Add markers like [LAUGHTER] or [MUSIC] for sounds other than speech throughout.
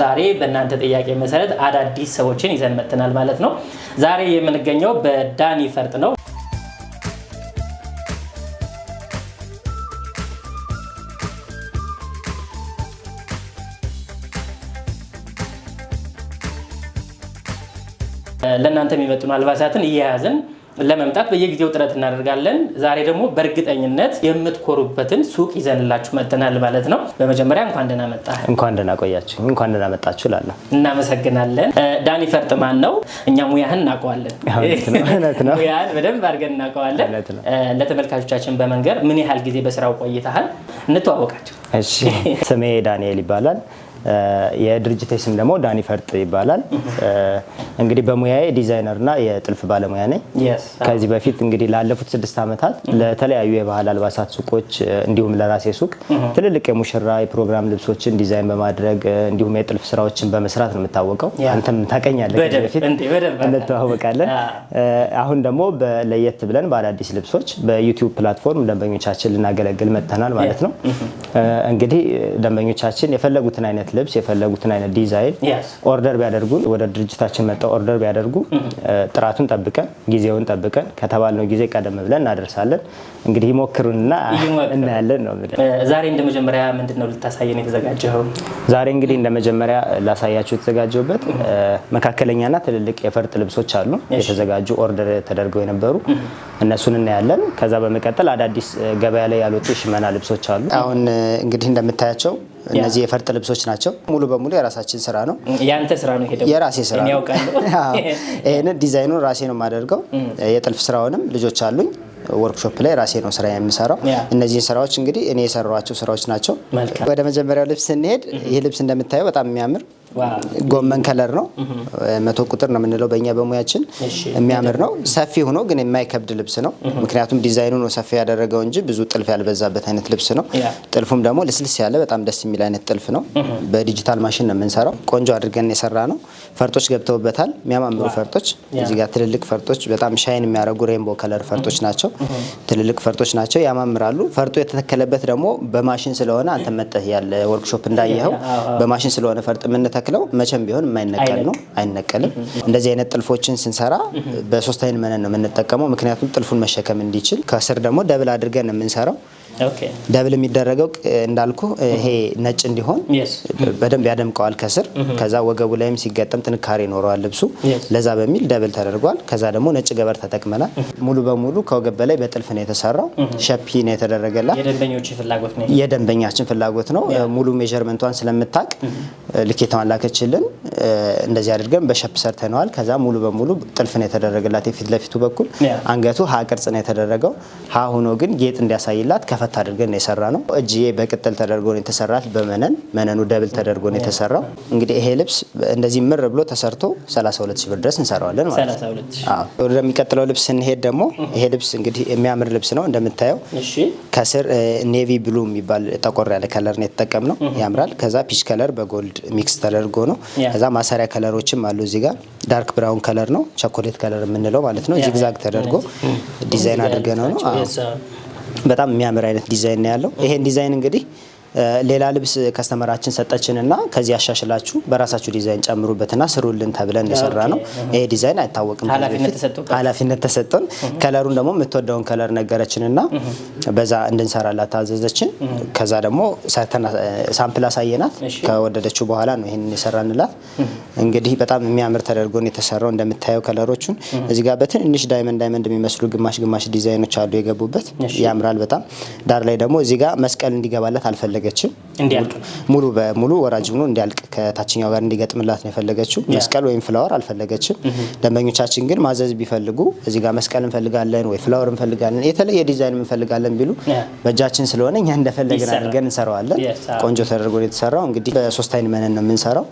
ዛሬ በእናንተ ጥያቄ መሰረት አዳዲስ ሰዎችን ይዘን መጥተናል ማለት ነው። ዛሬ የምንገኘው በዳኒ ፈርጥ ነው። ለእናንተ የሚመጥኑ አልባሳትን እየያዝን ለመምጣት በየጊዜው ጥረት እናደርጋለን። ዛሬ ደግሞ በእርግጠኝነት የምትኮሩበትን ሱቅ ይዘንላችሁ መጥተናል ማለት ነው። በመጀመሪያ እንኳን ደህና መጣ፣ እንኳን ደህና ቆያችሁ፣ እንኳን ደህና መጣችሁ እላለሁ። እናመሰግናለን። ዳኒ ፈርጥ ማን ነው? እኛ ሙያህን እናውቀዋለን፣ ሙያህን በደንብ አድርገን እናውቀዋለን። ለተመልካቾቻችን በመንገር ምን ያህል ጊዜ በስራው ቆይተሃል? እንተዋወቃቸው። ስሜ ዳንኤል ይባላል። የድርጅቴ ስም ደግሞ ዳኒ ፈርጥ ይባላል። እንግዲህ በሙያዬ ዲዛይነርና የጥልፍ ባለሙያ ነኝ። ከዚህ በፊት እንግዲህ ላለፉት ስድስት ዓመታት ለተለያዩ የባህል አልባሳት ሱቆች እንዲሁም ለራሴ ሱቅ ትልልቅ የሙሽራ የፕሮግራም ልብሶችን ዲዛይን በማድረግ እንዲሁም የጥልፍ ስራዎችን በመስራት ነው የምታወቀው። አንተም ታቀኛለህ፣ ከዚህ በፊት እንተዋወቃለን። አሁን ደግሞ ለየት ብለን በአዳዲስ ልብሶች በዩቲዩብ ፕላትፎርም ደንበኞቻችን ልናገለግል መጥተናል ማለት ነው። እንግዲህ ደንበኞቻችን የፈለጉትን አይነት አይነት ልብስ የፈለጉትን አይነት ዲዛይን ኦርደር ቢያደርጉ ወደ ድርጅታችን መጥተው ኦርደር ቢያደርጉ ጥራቱን ጠብቀን ጊዜውን ጠብቀን ከተባልነው ጊዜ ቀደም ብለን እናደርሳለን። እንግዲህ ይሞክሩንና እናያለን ነው። ዛሬ እንደ መጀመሪያ ምንድን ነው ልታሳየን የተዘጋጀው? ዛሬ እንግዲህ እንደ መጀመሪያ ላሳያችሁ የተዘጋጀውበት መካከለኛና ትልልቅ የፈርጥ ልብሶች አሉ የተዘጋጁ ኦርደር ተደርገው የነበሩ እነሱን እናያለን። ከዛ በመቀጠል አዳዲስ ገበያ ላይ ያልወጡ ሽመና ልብሶች አሉ። አሁን እንግዲህ እንደምታያቸው እነዚህ የፈርጥ ልብሶች ናቸው። ሙሉ በሙሉ የራሳችን ስራ ነው። ያንተ ስራ ነው? ሄደው የራሴ ስራ ነው። [LAUGHS] ይህንን ዲዛይኑን ራሴ ነው የማደርገው። የጥልፍ ስራውንም ልጆች አሉኝ። ወርክሾፕ ላይ ራሴ ነው ስራ የምሰራው። እነዚህን ስራዎች እንግዲህ እኔ የሰሯቸው ስራዎች ናቸው። ወደ መጀመሪያው ልብስ ስንሄድ ይህ ልብስ እንደምታየው በጣም የሚያምር ጎመን ከለር ነው። መቶ ቁጥር ነው የምንለው በእኛ በሙያችን። የሚያምር ነው። ሰፊ ሆኖ ግን የማይከብድ ልብስ ነው። ምክንያቱም ዲዛይኑ ነው ሰፊ ያደረገው እንጂ ብዙ ጥልፍ ያልበዛበት አይነት ልብስ ነው። ጥልፉም ደግሞ ልስልስ ያለ በጣም ደስ የሚል አይነት ጥልፍ ነው። በዲጂታል ማሽን ነው የምንሰራው። ቆንጆ አድርገን የሰራ ነው። ፈርጦች ገብተውበታል። የሚያማምሩ ፈርጦች እዚህ ጋር ትልልቅ ፈርጦች፣ በጣም ሻይን የሚያደርጉ ሬንቦ ከለር ፈርጦች ናቸው። ትልልቅ ፈርጦች ናቸው፣ ያማምራሉ። ፈርጦ የተተከለበት ደግሞ በማሽን ስለሆነ አንተ መጠህ ያለ ወርክሾፕ እንዳየኸው በማሽን ስለሆነ ፈርጥ የምንተ ተክለው መቼም ቢሆን የማይነቀል ነው፣ አይነቀልም። እንደዚህ አይነት ጥልፎችን ስንሰራ በሶስት አይን መነን ነው የምንጠቀመው። ምክንያቱም ጥልፉን መሸከም እንዲችል ከስር ደግሞ ደብል አድርገን ነው የምንሰራው። ደብል የሚደረገው እንዳልኩ ይሄ ነጭ እንዲሆን በደንብ ያደምቀዋል ከስር። ከዛ ወገቡ ላይም ሲገጠም ጥንካሬ ይኖረዋል ልብሱ። ለዛ በሚል ደብል ተደርጓል። ከዛ ደግሞ ነጭ ገበር ተጠቅመናል። ሙሉ በሙሉ ከወገብ በላይ በጥልፍ ነው የተሰራው። ሸፒ ነው የተደረገላት። የደንበኛችን ፍላጎት ነው። ሙሉ ሜዥርመንቷን ስለምታቅ ልኬታዋን ላከችልን። እንደዚህ አድርገን በሸፕ ሰርተነዋል። ከዛ ሙሉ በሙሉ ጥልፍ ነው የተደረገላት የፊት ለፊቱ በኩል። አንገቱ ሀ ቅርጽ ነው የተደረገው። ሀ ሆኖ ግን ጌጥ እንዲያሳይላት ከፈ በርከት አድርገን የሰራ ነው። እጅዬ በቅጥል ተደርጎ ነው የተሰራት በመነን መነኑ ደብል ተደርጎ ነው የተሰራው። እንግዲህ ይሄ ልብስ እንደዚህ ምር ብሎ ተሰርቶ 32 ሺ ብር ድረስ እንሰራዋለን ማለት ነው። ወደሚቀጥለው ልብስ ስንሄድ ደግሞ ይሄ ልብስ እንግዲህ የሚያምር ልብስ ነው እንደምታየው። ከስር ኔቪ ብሉ የሚባል ጠቆር ያለ ከለር ነው የተጠቀም ነው፣ ያምራል። ከዛ ፒች ከለር በጎልድ ሚክስ ተደርጎ ነው። ከዛ ማሰሪያ ከለሮችም አሉ እዚህ ጋር ዳርክ ብራውን ከለር ነው ቸኮሌት ከለር የምንለው ማለት ነው። ዚግዛግ ተደርጎ ዲዛይን አድርገ ነው ነው በጣም የሚያምር አይነት ዲዛይን ነው ያለው። ይሄን ዲዛይን እንግዲህ ሌላ ልብስ ከስተመራችን ሰጠችንና ከዚህ አሻሽላችሁ በራሳችሁ ዲዛይን ጨምሩበትና ስሩልን ተብለን እንደሰራ ነው። ይሄ ዲዛይን አይታወቅም፣ ኃላፊነት ተሰጠን። ከለሩን ደግሞ የምትወደውን ከለር ነገረችንና በዛ እንድንሰራላት ታዘዘችን። ከዛ ደግሞ ሳምፕል አሳየናት። ከወደደችው በኋላ ነው ይህን የሰራንላት። እንግዲህ በጣም የሚያምር ተደርጎ ነው የተሰራው። እንደምታየው ከለሮቹን እዚህ ጋር በትንንሽ ዳይመንድ ዳይመንድ የሚመስሉ ግማሽ ግማሽ ዲዛይኖች አሉ የገቡበት። ያምራል በጣም ዳር ላይ ደግሞ እዚህ ጋር መስቀል እንዲገባላት አልፈለግም አልፈለገችም። ሙሉ በሙሉ ወራጅ ሆኖ እንዲያልቅ ከታችኛው ጋር እንዲገጥምላት ነው የፈለገችው። መስቀል ወይም ፍላወር አልፈለገችም። ደንበኞቻችን ግን ማዘዝ ቢፈልጉ እዚህ ጋር መስቀል እንፈልጋለን ወይ ፍላወር እንፈልጋለን፣ የተለየ ዲዛይን እንፈልጋለን ቢሉ በእጃችን ስለሆነ እኛ እንደፈለግን አድርገን እንሰራዋለን። ቆንጆ ተደርጎ የተሰራው እንግዲህ በሶስት አይን መነን ነው የምንሰራው።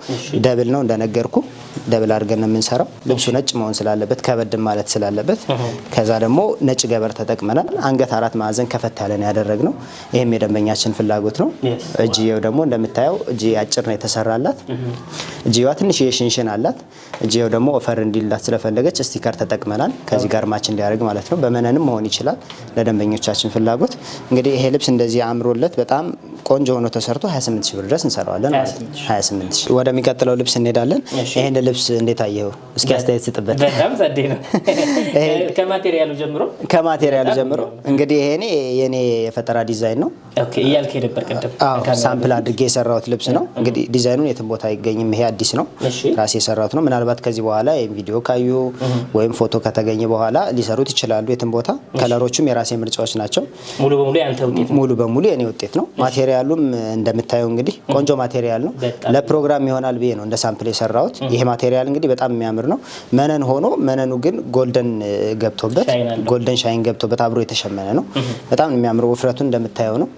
ደብል ነው እንደነገርኩ ደብል አድርገን ነው የምንሰራው። ልብሱ ነጭ መሆን ስላለበት ከበድም ማለት ስላለበት ከዛ ደግሞ ነጭ ገበር ተጠቅመናል። አንገት አራት ማዕዘን ከፈት ያለን ያደረግ ነው። ይህም የደንበኛችን ፍላጎት ነው። እጅየው ደግሞ እንደምታየው እጅ አጭር ነው የተሰራላት። እጅየዋ ትንሽ የሽንሽን አላት። እጅየው ደግሞ ኦፈር እንዲላት ስለፈለገች ስቲከር ተጠቅመናል፣ ከዚህ ጋር ማች እንዲያደርግ ማለት ነው። በመነንም መሆን ይችላል ለደንበኞቻችን ፍላጎት። እንግዲህ ይሄ ልብስ እንደዚህ አምሮለት በጣም ቆንጆ ሆኖ ተሰርቶ 28 ሺህ ብር ድረስ እንሰራዋለን 28 ሺህ። ወደሚቀጥለው ልብስ እንሄዳለን። ይህን ልብስ እንዴት አየው? እስኪ አስተያየት ስጥበት። በጣም ጸዴ ነው። [LAUGHS] ከማቴሪያሉ ጀምሮ ከማቴሪያሉ ጀምሮ እንግዲህ ይሄኔ የኔ የፈጠራ ዲዛይን ነው እያልክ ነበር ቅድም ሳምፕል አድርጌ የሰራሁት ልብስ ነው። እንግዲህ ዲዛይኑን የትም ቦታ አይገኝም። ይሄ አዲስ ነው፣ ራሴ የሰራሁት ነው። ምናልባት ከዚህ በኋላ ይህም ቪዲዮ ካዩ ወይም ፎቶ ከተገኘ በኋላ ሊሰሩት ይችላሉ የትም ቦታ። ከለሮቹም የራሴ ምርጫዎች ናቸው። ሙሉ በሙሉ የኔ ውጤት ነው። ማቴሪያሉም እንደምታየው እንግዲህ ቆንጆ ማቴሪያል ነው። ለፕሮግራም ይሆናል ብዬ ነው እንደ ሳምፕል የሰራሁት። ይሄ ማቴሪያል እንግዲህ በጣም የሚያምር ነው። መነን ሆኖ መነኑ ግን ጎልደን ገብቶበት ጎልደን ሻይን ገብቶበት አብሮ የተሸመነ ነው። በጣም የሚያምር ውፍረቱን እንደምታየው ነው።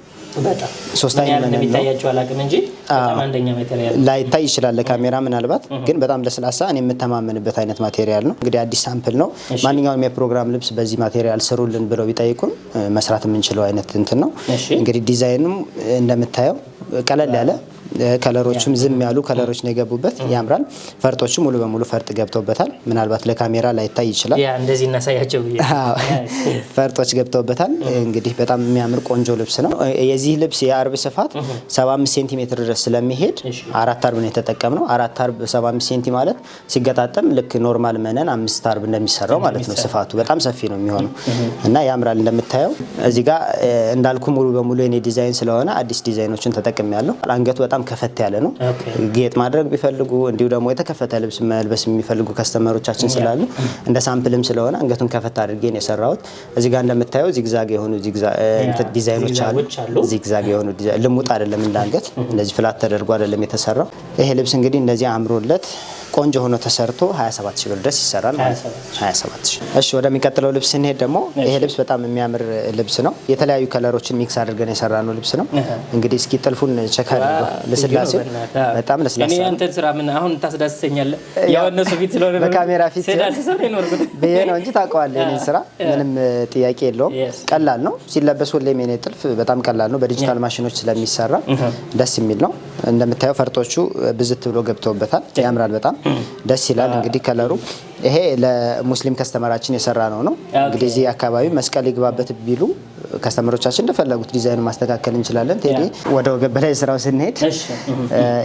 ላይታይ ይችላል ለካሜራ ምናልባት፣ ግን በጣም ለስላሳ እኔ የምተማመንበት አይነት ማቴሪያል ነው። እንግዲህ አዲስ ሳምፕል ነው። ማንኛውም የፕሮግራም ልብስ በዚህ ማቴሪያል ስሩልን ብለው ቢጠይቁን መስራት የምንችለው አይነት እንትን ነው። እንግዲህ ዲዛይኑ እንደምታየው ቀለል ያለ ከለሮችም ዝም ያሉ ከለሮች ነው የገቡበት፣ ያምራል። ፈርጦችም ሙሉ በሙሉ ፈርጥ ገብተውበታል። ምናልባት ለካሜራ ላይታይ ይችላል። እንደዚህ እናሳያቸው። ፈርጦች ገብተውበታል። እንግዲህ በጣም የሚያምር ቆንጆ ልብስ ነው። የዚህ ልብስ የአርብ ስፋት 75 ሴንቲሜትር ድረስ ስለሚሄድ አራት አርብ ነው የተጠቀምነው። አራት አርብ 75 ሴንቲ ማለት ሲገጣጠም ልክ ኖርማል መነን አምስት አርብ እንደሚሰራው ማለት ነው። ስፋቱ በጣም ሰፊ ነው የሚሆነው እና ያምራል። እንደምታየው እዚህ ጋር እንዳልኩ ሙሉ በሙሉ የኔ ዲዛይን ስለሆነ አዲስ ዲዛይኖችን ተጠቅሜያለሁ። አንገቱ በጣም ከፈት ያለ ነው። ጌጥ ማድረግ ቢፈልጉ እንዲሁ ደግሞ የተከፈተ ልብስ መልበስ የሚፈልጉ ከስተመሮቻችን ስላሉ እንደ ሳምፕልም ስለሆነ አንገቱን ከፈት አድርጌን የሰራሁት እዚህ ጋር እንደምታየው ዚግዛግ የሆኑ ዲዛይኖች አሉ። ዚግዛግ የሆኑ ልሙጥ አይደለም እንዳንገት እንደዚህ ፍላት ተደርጎ አይደለም የተሰራው ይሄ ልብስ እንግዲህ እንደዚህ አምሮለት ቆንጆ ሆኖ ተሰርቶ 27 ሺህ ብር ድረስ ይሰራል ማለት ነው። 27000 እሺ፣ ወደሚቀጥለው ልብስ ስንሄድ ደግሞ ይሄ ልብስ በጣም የሚያምር ልብስ ነው። የተለያዩ ከለሮችን ሚክስ አድርገን የሰራ ነው ልብስ ነው። እንግዲህ እስኪ ጥልፉን ቸክ አድርገው። ለስላሴ በጣም ለስላሴ ነው። አንተን ስራ ምን አሁን ታስዳስሰኛለህ? ያው እነሱ ፊት ስለሆነ ነው በካሜራ ፊት ብዬ ነው እንጂ ታውቀዋለህ፣ የእኔን ስራ ምንም ጥያቄ የለውም። ቀላል ነው ሲለበስ፣ ሁሌም የእኔ ጥልፍ በጣም ቀላል ነው። በዲጂታል ማሽኖች ስለሚሰራ ደስ የሚል ነው። እንደምታየው ፈርጦቹ ብዝት ብሎ ገብተውበታል። ያምራል በጣም ደስ ይላል። እንግዲህ ከለሩ ይሄ ለሙስሊም ከስተመራችን የሰራ ነው ነው እንግዲህ እዚህ አካባቢ መስቀል ይግባበት ቢሉ ከስተመሮቻችን እንደፈለጉት ዲዛይን ማስተካከል እንችላለን። ቴዲ ወደ ወገብ በላይ ስራው ስንሄድ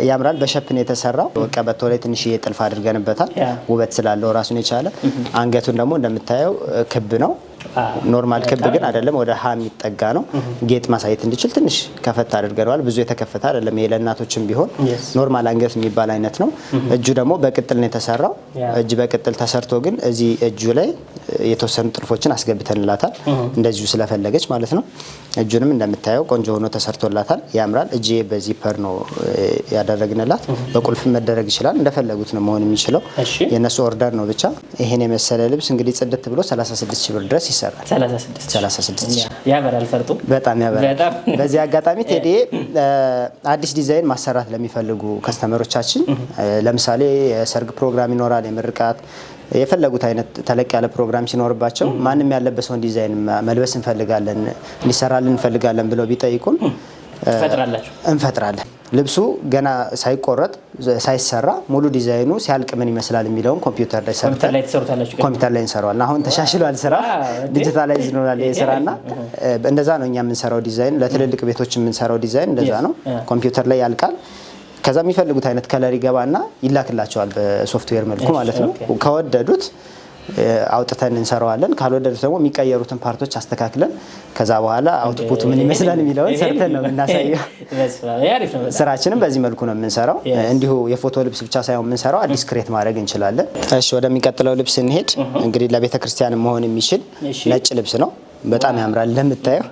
ያምራል። በሸፕን የተሰራው ቀበቶ ላይ ትንሽዬ ጥልፍ አድርገንበታል፣ ውበት ስላለው ራሱን የቻለ አንገቱን ደግሞ እንደምታየው ክብ ነው። ኖርማል ክብ ግን አይደለም፣ ወደ ሀ የሚጠጋ ነው። ጌጥ ማሳየት እንዲችል ትንሽ ከፈት አድርገነዋል። ብዙ የተከፈተ አይደለም። ይሄ ለእናቶችም ቢሆን ኖርማል አንገት የሚባል አይነት ነው። እጁ ደግሞ በቅጥል ነው የተሰራው። እጅ በቅጥል ተሰርቶ ግን እዚህ እጁ ላይ የተወሰኑ ጥልፎችን አስገብተንላታል፣ እንደዚሁ ስለፈለገች ማለት ነው። እጁንም እንደምታየው ቆንጆ ሆኖ ተሰርቶላታል፣ ያምራል። እጅ በዚህ ፐር ነው ያደረግንላት። በቁልፍ መደረግ ይችላል፣ እንደፈለጉት ነው መሆን የሚችለው። የእነሱ ኦርደር ነው ብቻ። ይሄን የመሰለ ልብስ እንግዲህ ጽድት ብሎ 36 ሺ ብር ድረስ ይሰራል። 36 ያበራል፣ ፈርጡ በጣም ያበራል። በዚህ አጋጣሚ [LAUGHS] ቴዲ አዲስ ዲዛይን ማሰራት ለሚፈልጉ ከስተመሮቻችን ለምሳሌ የሰርግ ፕሮግራም ይኖራል፣ የምርቃት የፈለጉት አይነት ተለቅ ያለ ፕሮግራም ሲኖርባቸው ማንም ያለበሰውን ዲዛይን መልበስ እንፈልጋለን እንዲሰራልን እንፈልጋለን ብለው ቢጠይቁን እንፈጥራለን። ልብሱ ገና ሳይቆረጥ ሳይሰራ ሙሉ ዲዛይኑ ሲያልቅ ምን ይመስላል የሚለውን ኮምፒውተር ላይ ሰርተን ኮምፒውተር ላይ እንሰራዋለን። አሁን ተሻሽሏል ስራ ዲጂታላይዝ ይሆናል ስራ እና እንደዛ ነው እኛ የምንሰራው ዲዛይን፣ ለትልልቅ ቤቶች የምንሰራው ዲዛይን እንደዛ ነው። ኮምፒውተር ላይ ያልቃል። ከዛ የሚፈልጉት አይነት ከለር ይገባና ይላክላቸዋል በሶፍትዌር መልኩ ማለት ነው። ከወደዱት አውጥተን እንሰራዋለን። ካልወደዱት ደግሞ የሚቀየሩትን ፓርቶች አስተካክለን ከዛ በኋላ አውትፑቱ ምን ይመስላል የሚለውን ሰርተን ነው የምናሳየው። ስራችንም በዚህ መልኩ ነው የምንሰራው። እንዲሁ የፎቶ ልብስ ብቻ ሳይሆን የምንሰራው አዲስ ክሬት ማድረግ እንችላለን። እሺ፣ ወደሚቀጥለው ልብስ እንሄድ። እንግዲህ ለቤተክርስቲያን መሆን የሚችል ነጭ ልብስ ነው። በጣም ያምራል እንደምታየው።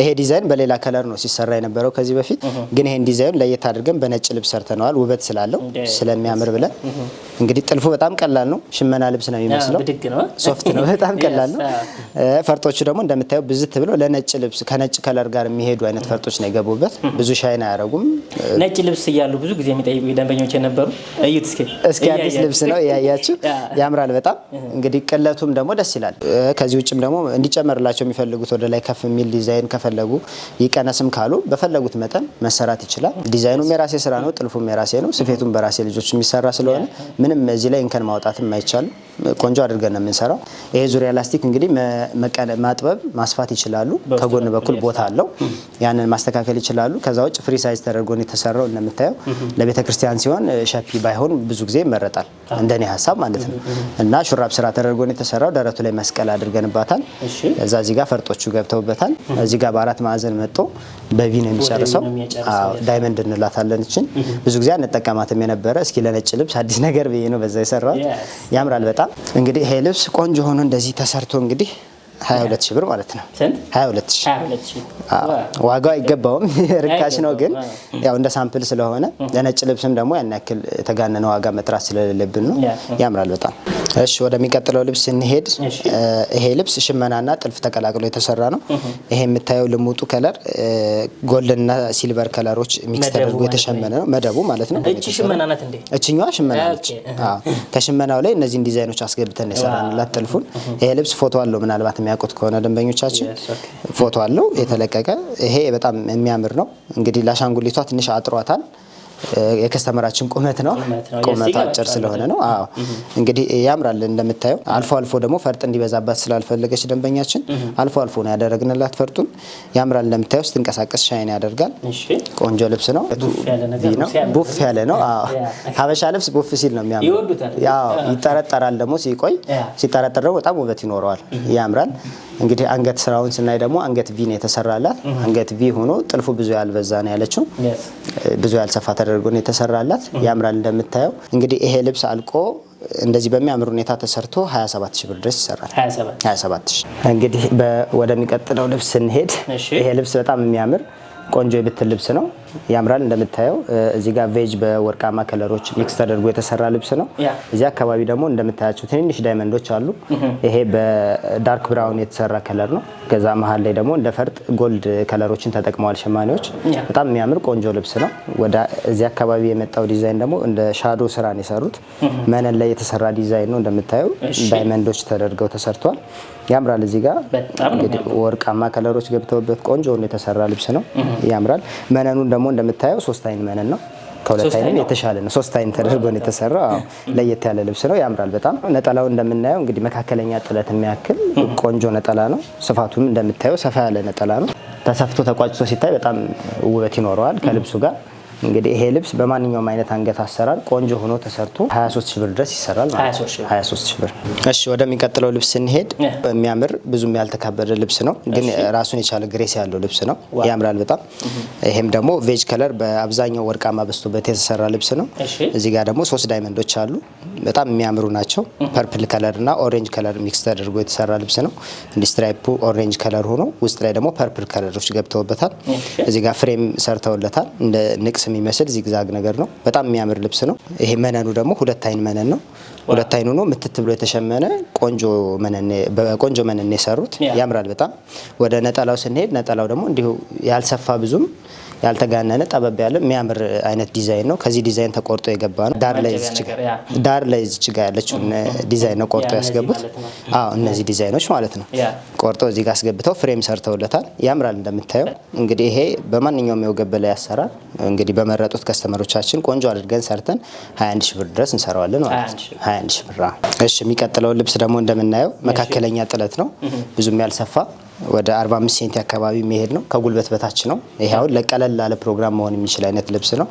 ይሄ ዲዛይን በሌላ ከለር ነው ሲሰራ የነበረው ከዚህ በፊት ግን ይሄን ዲዛይን ለየት አድርገን በነጭ ልብስ ሰርተነዋል። ውበት ስላለው ስለሚያምር ብለን እንግዲህ ጥልፉ በጣም ቀላል ነው። ሽመና ልብስ ነው የሚመስለው። ሶፍት ነው፣ [LAUGHS] በጣም ቀላል ነው። ፈርጦቹ ደግሞ እንደምታየው ብዝት ብለው ለነጭ ልብስ ከነጭ ከለር ጋር የሚሄዱ አይነት ፈርጦች ነው የገቡበት። ብዙ ሻይን አያደርጉም። ነጭ ልብስ እያሉ ብዙ ጊዜ የሚጠይቁ ደንበኞች የነበሩ እዩት እስኪ እስኪ አዲስ ልብስ ነው ያያችሁ። [LAUGHS] ያምራል በጣም እንግዲህ ቅለቱም ደግሞ ደስ ይላል። ከዚህ ውጭም ደግሞ እንዲጨመርላቸው የሚፈልጉት ወደ ላይ ከፍ የሚል ዲዛይን ከፈለጉ ይቀነስም ካሉ በፈለጉት መጠን መሰራት ይችላል። ዲዛይኑም የራሴ ስራ ነው፣ ጥልፉም የራሴ ነው፣ ስፌቱም በራሴ ልጆች የሚሰራ ስለሆነ ምንም እዚህ ላይ እንከን ማውጣትም አይቻልም። ቆንጆ አድርገን ነው የምንሰራው። ይሄ ዙሪያ ላስቲክ እንግዲህ ማጥበብ ማስፋት ይችላሉ። ከጎን በኩል ቦታ አለው፣ ያንን ማስተካከል ይችላሉ። ከዛ ውጭ ፍሪ ሳይዝ ተደርጎን የተሰራው እንደምታየው ለቤተ ክርስቲያን ሲሆን ሸፒ ባይሆን ብዙ ጊዜ ይመረጣል፣ እንደኔ ሀሳብ ማለት ነው። እና ሹራብ ስራ ተደርጎን የተሰራው ደረቱ ላይ መስቀል አድርገንባታል። እዛ እዚህ ጋር ፈርጦቹ ገብተውበታል። እዚህ ጋር በአራት ማዕዘን መጦ በቪ ነው የሚጨርሰው። ዳይመንድ እንላታለን። እችን ብዙ ጊዜ አንጠቀማትም የነበረ እስኪ ለነጭ ልብስ አዲስ ነገር ብዬ ነው በዛ የሰራት። ያምራል በጣም እንግዲህ ይሄ ልብስ ቆንጆ ሆኖ እንደዚህ ተሰርቶ እንግዲህ 22 ሺህ ብር ማለት ነው። 22 ሺህ ዋጋው አይገባውም፣ [LAUGHS] ርካሽ ነው። ግን ያው እንደ ሳምፕል ስለሆነ ለነጭ ልብስም ደግሞ ያን ያክል የተጋነነ ዋጋ መጥራት ስለሌለብን ነው። ያምራል በጣም እሺ ወደሚቀጥለው ልብስ እንሄድ። ይሄ ልብስ ሽመናና ጥልፍ ተቀላቅሎ የተሰራ ነው። ይሄ የምታየው ልሙጡ ከለር ጎልድና ሲልቨር ከለሮች ሚክስ ተደርጎ የተሸመነ ነው፣ መደቡ ማለት ነው። እችኛዋ ሽመና ነች። ከሽመናው ላይ እነዚህን ዲዛይኖች አስገብተን የሰራንላት ጥልፉን። ይሄ ልብስ ፎቶ አለው፣ ምናልባት የሚያውቁት ከሆነ ደንበኞቻችን ፎቶ አለው የተለቀቀ። ይሄ በጣም የሚያምር ነው። እንግዲህ ለአሻንጉሊቷ ትንሽ አጥሯታል። የከስተመራችን ቁመት ነው። ቁመቱ አጭር ስለሆነ ነው። አዎ እንግዲህ ያምራል እንደምታየው። አልፎ አልፎ ደግሞ ፈርጥ እንዲበዛባት ስላልፈለገች ደንበኛችን አልፎ አልፎ ነው ያደረግንላት። ፈርጡን ያምራል እንደምታየው፣ ስትንቀሳቀስ ሻይን ያደርጋል። ቆንጆ ልብስ ነው። ቡፍ ያለ ነው። ሀበሻ ልብስ ቡፍ ሲል ነው የሚያምር። ይጠረጠራል ደግሞ ሲቆይ፣ ሲጠረጠር ደግሞ በጣም ውበት ይኖረዋል። ያምራል። እንግዲህ አንገት ስራውን ስናይ ደግሞ አንገት ቪ ነው የተሰራላት። አንገት ቪ ሆኖ ጥልፉ ብዙ ያልበዛ ነው ያለችው፣ ብዙ ያልሰፋ ተደርጎ ነው የተሰራላት። ያምራል እንደምታየው። እንግዲህ ይሄ ልብስ አልቆ እንደዚህ በሚያምር ሁኔታ ተሰርቶ 27 ሺህ ብር ድረስ ይሰራል። 27 እንግዲህ ወደሚቀጥለው ልብስ ስንሄድ ይሄ ልብስ በጣም የሚያምር ቆንጆ የብትል ልብስ ነው። ያምራል። እንደምታየው እዚህ ጋር ቬጅ በወርቃማ ከለሮች ሚክስ ተደርጎ የተሰራ ልብስ ነው። እዚህ አካባቢ ደግሞ እንደምታያቸው ትንንሽ ዳይመንዶች አሉ። ይሄ በዳርክ ብራውን የተሰራ ከለር ነው። ከዛ መሀል ላይ ደግሞ እንደ ፈርጥ ጎልድ ከለሮችን ተጠቅመዋል ሸማኔዎች። በጣም የሚያምር ቆንጆ ልብስ ነው። ወደ እዚህ አካባቢ የመጣው ዲዛይን ደግሞ እንደ ሻዶ ስራ ነው የሰሩት። መነን ላይ የተሰራ ዲዛይን ነው። እንደምታየው ዳይመንዶች ተደርገው ተሰርቷል። ያምራል። እዚህ ጋር ወርቃማ ከለሮች ገብተውበት ቆንጆ የተሰራ ልብስ ነው። ያምራል። መነኑን ደግሞ ደግሞ እንደምታየው ሶስት አይን መነን ነው። ከሁለት አይን የተሻለ ነው። ሶስት አይን ተደርጎ ነው የተሰራው። ለየት ያለ ልብስ ነው፣ ያምራል በጣም። ነጠላው እንደምናየው እንግዲህ መካከለኛ ጥለት የሚያክል ቆንጆ ነጠላ ነው። ስፋቱም እንደምታየው ሰፋ ያለ ነጠላ ነው። ተሰፍቶ ተቋጭቶ ሲታይ በጣም ውበት ይኖረዋል ከልብሱ ጋር እንግዲህ ይሄ ልብስ በማንኛውም አይነት አንገት አሰራር ቆንጆ ሆኖ ተሰርቶ 23 ሺህ ብር ድረስ ይሰራል ማለት ነው። 23 ብር። እሺ ወደሚቀጥለው ልብስ ስንሄድ የሚያምር ብዙም ያልተካበደ ልብስ ነው፣ ግን ራሱን የቻለ ግሬስ ያለው ልብስ ነው። ያምራል በጣም። ይሄም ደግሞ ቬጅ ከለር በአብዛኛው ወርቃማ በዝቶበት የተሰራ ልብስ ነው። እዚህ ጋር ደግሞ ሶስት ዳይመንዶች አሉ፣ በጣም የሚያምሩ ናቸው። ፐርፕል ከለር እና ኦሬንጅ ከለር ሚክስ ተደርጎ የተሰራ ልብስ ነው። እንዲህ ስትራይፑ ኦሬንጅ ከለር ሆኖ ውስጥ ላይ ደግሞ ፐርፕል ከለሮች ገብተውበታል። እዚህ ጋር ፍሬም ሰርተውለታል እንደ ንቅስ የሚመስል ዚግዛግ ነገር ነው። በጣም የሚያምር ልብስ ነው። ይሄ መነኑ ደግሞ ሁለት አይን መነን ነው። ሁለት አይኑ ነው ምትት ብሎ የተሸመነ ቆንጆ መነን፣ በቆንጆ መነን የሰሩት ያምራል በጣም። ወደ ነጠላው ስንሄድ ነጠላው ደግሞ እንዲሁ ያልሰፋ ብዙም ያልተጋነነ ጠበብ ያለ የሚያምር አይነት ዲዛይን ነው። ከዚህ ዲዛይን ተቆርጦ የገባ ነው። ዳር ላይ እዚች ጋ ያለችው ዲዛይን ነው ቆርጦ ያስገቡት። አዎ እነዚህ ዲዛይኖች ማለት ነው። ቆርጦ እዚህ ጋር አስገብተው ፍሬም ሰርተውለታል። ያምራል። እንደምታየው እንግዲህ ይሄ በማንኛውም የወገብ ላይ ያሰራል። እንግዲህ በመረጡት ከስተመሮቻችን ቆንጆ አድርገን ሰርተን 21 ሺ ብር ድረስ እንሰራዋለን ማለት ነው። 21 ሺ ብር። እሺ፣ የሚቀጥለው ልብስ ደግሞ እንደምናየው መካከለኛ ጥለት ነው፣ ብዙም ያልሰፋ ወደ 45 ሴንቲ አካባቢ የሚሄድ ነው። ከጉልበት በታች ነው። ይሄ አሁን ለቀለል ላለ ፕሮግራም መሆን የሚችል አይነት ልብስ ነው።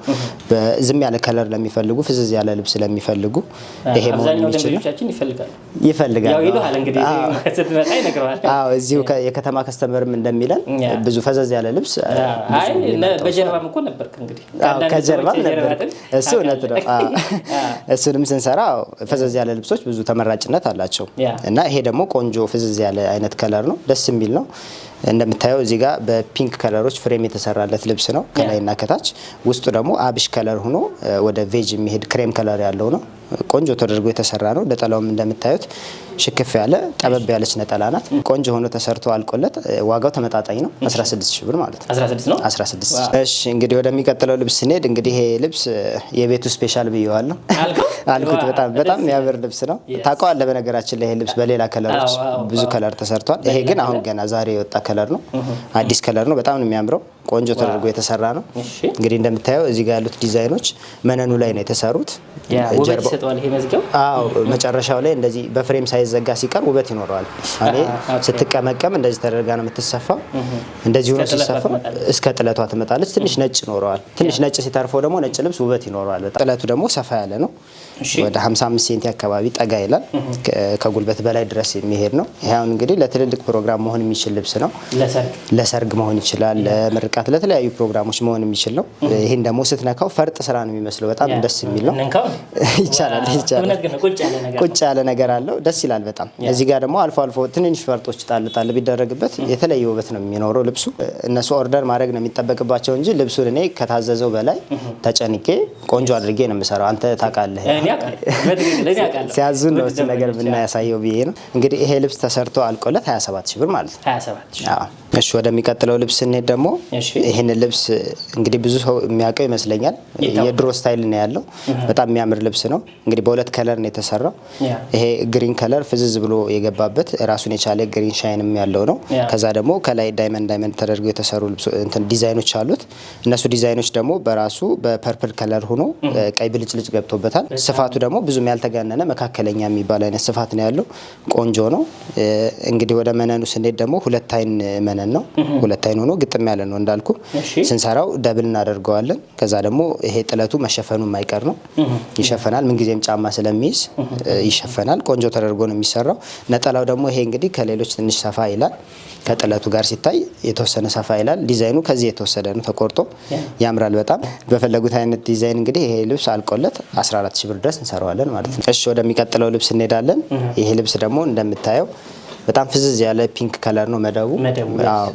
ዝም ያለ ከለር ለሚፈልጉ፣ ፍዝዝ ያለ ልብስ ለሚፈልጉ ይሄ መሆን የሚችል ይፈልጋል። አዎ እዚሁ የከተማ ከስተመርም እንደሚለን ብዙ ፈዘዝ ያለ ልብስ በጀርባም እኮ ነበር ከጀርባም ነበር። እሱ እውነት ነው። እሱንም ስንሰራ ፈዘዝ ያለ ልብሶች ብዙ ተመራጭነት አላቸው እና ይሄ ደግሞ ቆንጆ ፍዝዝ ያለ አይነት ከለር ነው። ደስ የሚል ነው። እንደምታየው እዚህ ጋር በፒንክ ከለሮች ፍሬም የተሰራለት ልብስ ነው ከላይና ከታች። ውስጡ ደግሞ አብሽ ከለር ሆኖ ወደ ቬጅ የሚሄድ ክሬም ከለር ያለው ነው። ቆንጆ ተደርጎ የተሰራ ነው። ነጠላውም እንደምታዩት ሽክፍ ያለ ጠበብ ያለች ነጠላ ናት። ቆንጆ ሆኖ ተሰርቶ አልቆለት ዋጋው ተመጣጣኝ ነው። 16 ብር ማለት ነው። 16 ነው። እሺ። እንግዲህ ወደሚቀጥለው ልብስ ስንሄድ እንግዲህ ይሄ ልብስ የቤቱ ስፔሻል ብየዋለሁ [LAUGHS] አልኩት። በጣም በጣም የሚያምር ልብስ ነው። ታውቀዋለህ። በነገራችን ላይ ይሄ ልብስ በሌላ ከለሮች ብዙ ከለር ተሰርቷል። ይሄ ግን አሁን ገና ዛሬ የወጣ ከለር ነው። አዲስ ከለር ነው። በጣም ነው የሚያምረው። ቆንጆ ተደርጎ የተሰራ ነው። እንግዲህ እንደምታየው እዚህ ጋር ያሉት ዲዛይኖች መነኑ ላይ ነው የተሰሩት። አዎ መጨረሻው ላይ እንደዚህ በፍሬም ሳይዘጋ ሲቀር ውበት ይኖረዋል። እኔ ስትቀመቀም እንደዚህ ተደርጋ ነው የምትሰፋው። እንደዚህ ሆኖ ሲሰፋ እስከ ጥለቷ ትመጣለች። ትንሽ ነጭ ይኖረዋል። ትንሽ ነጭ ሲተርፈው ደግሞ ነጭ ልብስ ውበት ይኖረዋል። ጥለቱ ደግሞ ሰፋ ያለ ነው። ወደ 55 ሴንቲ አካባቢ ጠጋ ይላል። ከጉልበት በላይ ድረስ የሚሄድ ነው። ይሄውን እንግዲህ ለትልልቅ ፕሮግራም መሆን የሚችል ልብስ ነው። ለሰርግ መሆን ይችላል፣ ለምርቃት፣ ለተለያዩ ፕሮግራሞች መሆን የሚችል ነው። ይህን ደግሞ ስትነካው ፈርጥ ስራ ነው የሚመስለው። በጣም ደስ የሚል ነው። [LAUGHS] ይቻላል ይቻላል። ቁጭ ያለ ነገር አለው። ደስ ይላል በጣም። እዚህ ጋር ደግሞ አልፎ አልፎ ትንንሽ ፈርጦች ጣል ጣል ቢደረግበት የተለየ ውበት ነው የሚኖረው ልብሱ። እነሱ ኦርደር ማድረግ ነው የሚጠበቅባቸው እንጂ ልብሱን እኔ ከታዘዘው በላይ ተጨንቄ ቆንጆ አድርጌ ነው የምሰራው። አንተ ታውቃለህ ሲያዙን ነው እሱን ነገር ብናያሳየው ብዬ ነው። እንግዲህ ይሄ ልብስ ተሰርቶ አልቆለት 27 ሺህ ብር ማለት ነው። እሺ ወደሚቀጥለው ልብስ ስንሄድ ደግሞ ይህን ልብስ እንግዲህ ብዙ ሰው የሚያውቀው ይመስለኛል። የድሮ ስታይል ነው ያለው። በጣም የሚያምር ልብስ ነው። እንግዲህ በሁለት ከለር ነው የተሰራው። ይሄ ግሪን ከለር ፍዝዝ ብሎ የገባበት ራሱን የቻለ ግሪን ሻይንም ያለው ነው። ከዛ ደግሞ ከላይ ዳይመንድ ዳይመንድ ተደርገው የተሰሩ ዲዛይኖች አሉት። እነሱ ዲዛይኖች ደግሞ በራሱ በፐርፕል ከለር ሆኖ ቀይ ብልጭልጭ ገብቶበታል። ስፋቱ ደግሞ ብዙም ያልተጋነነ መካከለኛ የሚባል አይነት ስፋት ነው ያለው። ቆንጆ ነው። እንግዲህ ወደ መነኑ ስንሄድ ደግሞ ሁለት አይን መነን ነው። ሁለት አይን ሆኖ ግጥም ያለ ነው እንዳልኩ። ስንሰራው ደብል እናደርገዋለን። ከዛ ደግሞ ይሄ ጥለቱ መሸፈኑ የማይቀር ነው፣ ይሸፈናል። ምንጊዜም ጫማ ስለሚይዝ ይሸፈናል። ቆንጆ ተደርጎ ነው የሚሰራው። ነጠላው ደግሞ ይሄ እንግዲህ ከሌሎች ትንሽ ሰፋ ይላል። ከጥለቱ ጋር ሲታይ የተወሰነ ሰፋ ይላል። ዲዛይኑ ከዚህ የተወሰደ ነው፣ ተቆርጦ ያምራል በጣም በፈለጉት አይነት ዲዛይን። እንግዲህ ይሄ ልብስ አልቆለት 14 ሺ ብር ድረስ እንሰራዋለን ማለት ነው። እሺ ወደሚቀጥለው ልብስ እንሄዳለን። ይሄ ልብስ ደግሞ እንደምታየው በጣም ፍዝዝ ያለ ፒንክ ከለር ነው መደቡ።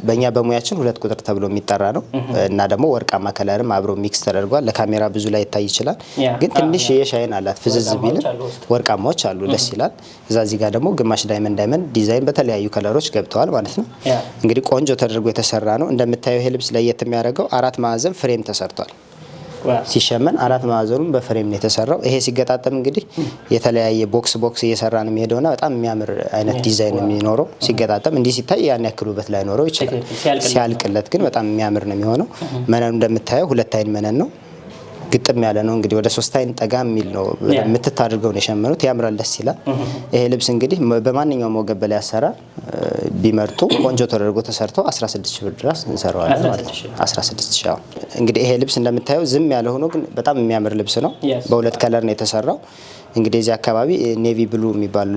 በእኛ በሙያችን ሁለት ቁጥር ተብሎ የሚጠራ ነው እና ደግሞ ወርቃማ ከለርም አብሮ ሚክስ ተደርጓል። ለካሜራ ብዙ ላይ ይታይ ይችላል፣ ግን ትንሽ የሻይን አላት ፍዝዝ ቢልም ወርቃማዎች አሉ፣ ደስ ይላል። እዛ እዚህ ጋር ደግሞ ግማሽ ዳይመንድ ዳይመንድ ዲዛይን በተለያዩ ከለሮች ገብተዋል ማለት ነው። እንግዲህ ቆንጆ ተደርጎ የተሰራ ነው። እንደምታየው ይሄ ልብስ ለየት የሚያደርገው አራት ማዕዘን ፍሬም ተሰርቷል። ሲሸመን አራት ማዕዘኑም በፍሬም ነው የተሰራው። ይሄ ሲገጣጠም እንግዲህ የተለያየ ቦክስ ቦክስ እየሰራ ነው የሚሄደውና በጣም የሚያምር አይነት ዲዛይን የሚኖረው ሲገጣጠም፣ እንዲህ ሲታይ ያን ያክል ውበት ላይኖረው ይችላል። ሲያልቅለት ግን በጣም የሚያምር ነው የሚሆነው። መነኑ እንደምታየው ሁለት አይን መነን ነው ግጥም ያለ ነው እንግዲህ ወደ ሶስት አይን ጠጋ የሚል ነው። የምትታደርገው ነው የሸመኑት። ያምራል፣ ደስ ይላል። ይሄ ልብስ እንግዲህ በማንኛውም ወገብ ላይ ያሰራል። ቢመርጡ ቆንጆ ተደርጎ ተሰርቶ 16 ሺህ ብር ድረስ እንሰራዋለን ማለት ነው። 16 ሺህ እንግዲህ ይሄ ልብስ እንደምታየው ዝም ያለ ሆኖ ግን በጣም የሚያምር ልብስ ነው። በሁለት ከለር ነው የተሰራው። እንግዲህ እዚህ አካባቢ ኔቪ ብሉ የሚባል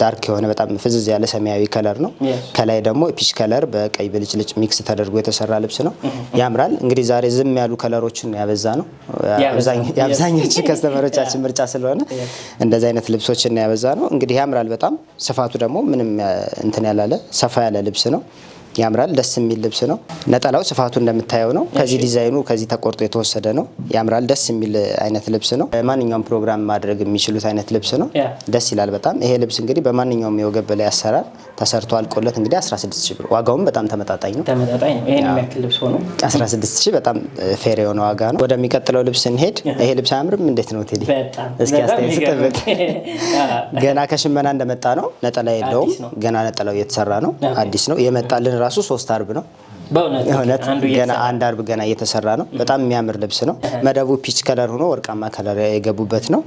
ዳርክ የሆነ በጣም ፍዝዝ ያለ ሰማያዊ ከለር ነው። ከላይ ደግሞ ፒች ከለር በቀይ ብልጭልጭ ሚክስ ተደርጎ የተሰራ ልብስ ነው። ያምራል። እንግዲህ ዛሬ ዝም ያሉ ከለሮችን ያበዛ ነው የአብዛኞች [LAUGHS] ከስተመሮቻችን ምርጫ ስለሆነ እንደዚህ አይነት ልብሶችን ያበዛ ነው። እንግዲህ ያምራል በጣም ስፋቱ ደግሞ ምንም እንትን ያላለ ሰፋ ያለ ልብስ ነው። ያምራል። ደስ የሚል ልብስ ነው። ነጠላው ስፋቱ እንደምታየው ነው። ከዚህ ዲዛይኑ ከዚህ ተቆርጦ የተወሰደ ነው። ያምራል። ደስ የሚል አይነት ልብስ ነው። ማንኛውም ፕሮግራም ማድረግ የሚችሉት አይነት ልብስ ነው። ደስ ይላል በጣም ይሄ ልብስ እንግዲህ በማንኛውም የወገብ በላይ አሰራር ተሰርቶ አልቆለት እንግዲህ 16 ሺህ ብር ዋጋውም በጣም ተመጣጣኝ ነው። ተመጣጣኝ ነው። ይሄን የሚያክል ልብስ ሆኖ 16 ሺህ በጣም ፌር የሆነ ዋጋ ነው። ወደሚቀጥለው ልብስ እንሄድ። ይሄ ልብስ አያምርም? እንዴት ነው ቴዲ? እስኪ አስተያየት። [LAUGHS] ገና ከሽመና እንደመጣ ነው። ነጠላ የለውም። ገና ነጠላው እየተሰራ ነው። አዲስ ነው የመጣልን ራሱ ሶስት አርብ ነው በእውነት ገና አንድ አርብ ገና እየተሰራ ነው። በጣም የሚያምር ልብስ ነው። መደቡ ፒች ከለር ሆኖ ወርቃማ ከለር የገቡበት ነው።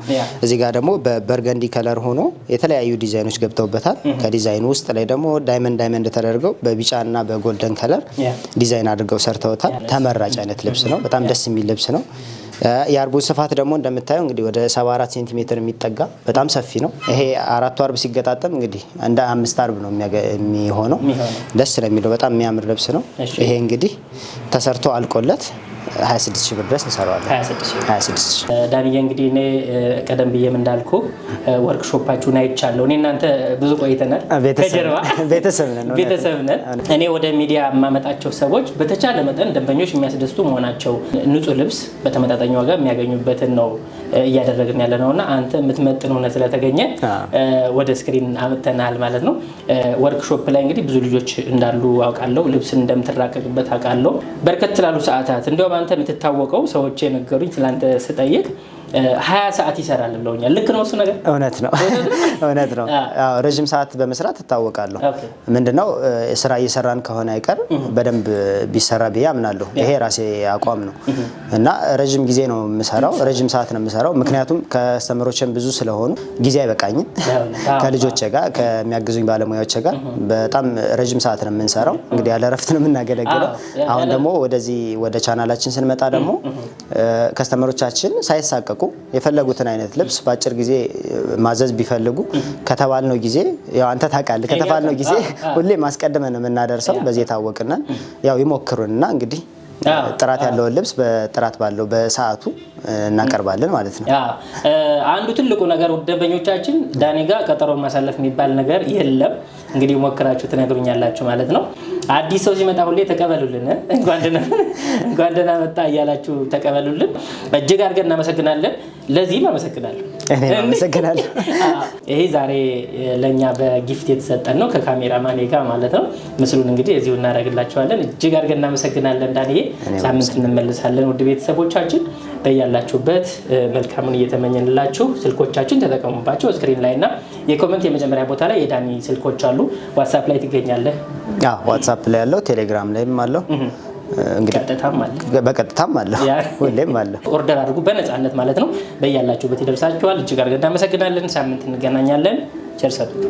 እዚህ ጋር ደግሞ በበርገንዲ ከለር ሆኖ የተለያዩ ዲዛይኖች ገብተውበታል። ከዲዛይኑ ውስጥ ላይ ደግሞ ዳይመንድ ዳይመንድ ተደርገው በቢጫና በጎልደን ከለር ዲዛይን አድርገው ሰርተውታል። ተመራጭ አይነት ልብስ ነው። በጣም ደስ የሚል ልብስ ነው። የአርቡን ስፋት ደግሞ እንደምታየው እንግዲህ ወደ 74 ሴንቲሜትር የሚጠጋ በጣም ሰፊ ነው። ይሄ አራቱ አርብ ሲገጣጠም እንግዲህ እንደ አምስት አርብ ነው የሚሆነው። ደስ ለሚለው በጣም የሚያምር ልብስ ነው። ይሄ እንግዲህ ተሰርቶ አልቆለት 26 ሺህ ብር ድረስ እንሰራዋለን። 26 ዳንዬ፣ እንግዲህ እኔ ቀደም ብዬም እንዳልኩ ወርክሾፓችሁን አይቻለሁ። እኔ እናንተ ብዙ ቆይተናል፣ ከጀርባ ቤተሰብ ነን። እኔ ወደ ሚዲያ የማመጣቸው ሰዎች በተቻለ መጠን ደንበኞች የሚያስደስቱ መሆናቸው፣ ንጹህ ልብስ በተመጣጣኝ ዋጋ የሚያገኙበትን ነው እያደረግን ያለ ነው እና አንተ የምትመጥን ሆነ ስለተገኘ ወደ ስክሪን አምጥተናል ማለት ነው። ወርክሾፕ ላይ እንግዲህ ብዙ ልጆች እንዳሉ አውቃለሁ። ልብስን እንደምትራቀቅበት አውቃለሁ። በርከት ስላሉ ሰዓታት እንዲሁም አንተ የምትታወቀው ሰዎች የነገሩኝ ስላንተ ስጠይቅ ሀያ ሰዓት ይሰራል ብለውኛል። ልክ ነው እሱ ነገር? እውነት ነው [LAUGHS] እውነት ነው። ረዥም ሰዓት በመስራት እታወቃለሁ። ምንድነው ስራ እየሰራን ከሆነ አይቀር በደንብ ቢሰራ ብዬ አምናለሁ። ይሄ ራሴ አቋም ነው እና ረዥም ጊዜ ነው የምሰራው፣ ረዥም ሰዓት ነው የምሰራው። ምክንያቱም ከስተምሮችን ብዙ ስለሆኑ ጊዜ አይበቃኝም። [LAUGHS] ከልጆቼ ጋር ከሚያግዙኝ ባለሙያዎች ጋር በጣም ረዥም ሰዓት ነው የምንሰራው። እንግዲህ ያለ እረፍት ነው የምናገለግለው። አሁን ደግሞ ወደዚህ ወደ ቻናላችን ስንመጣ ደግሞ ከስተመሮቻችን ሳይሳቀቁ የፈለጉትን አይነት ልብስ በአጭር ጊዜ ማዘዝ ቢፈልጉ ከተባልነው ጊዜ ያው አንተ ታውቃለህ፣ ከተባልነው ጊዜ ሁሌ ማስቀድመን የምናደርሰው በዚህ የታወቅነን ያው ይሞክሩንና እንግዲህ ጥራት ያለውን ልብስ በጥራት ባለው በሰዓቱ እናቀርባለን ማለት ነው። አንዱ ትልቁ ነገር ደንበኞቻችን ዳኔ ጋር ቀጠሮ ማሳለፍ የሚባል ነገር የለም። እንግዲህ ሞክራችሁ ትነግሩኛላችሁ ማለት ነው። አዲስ ሰው ሲመጣ ሁሌ ተቀበሉልን፣ እንኳን ደህና [LAUGHS] መጣ እያላችሁ ተቀበሉልን። እጅግ አድርገን እናመሰግናለን። ለዚህም አመሰግናለሁ። አመሰግናለሁ። [LAUGHS] ይሄ ዛሬ ለእኛ በጊፍት የተሰጠን ነው ከካሜራማን ጋ ማለት ነው። ምስሉን እንግዲህ እዚሁ እናደርግላቸዋለን። እጅግ አድርገን እናመሰግናለን። ዳንዬ ሳምንት እንመልሳለን። ውድ ቤተሰቦቻችን በያላችሁበት መልካሙን እየተመኘንላችሁ ስልኮቻችን ተጠቀሙባቸው። ስክሪን ላይ እና የኮመንት የመጀመሪያ ቦታ ላይ የዳኒ ስልኮች አሉ። ዋትሳፕ ላይ ትገኛለህ። ዋትሳፕ ላይ ያለው ቴሌግራም ላይም አለው በቀጥታም አለ ሁሌም አለ። ኦርደር አድርጉ በነፃነት ማለት ነው። በያላችሁበት ይደርሳችኋል። እጅግ አድርገን እናመሰግናለን። ሳምንት እንገናኛለን። ቸር ሰንብቱ።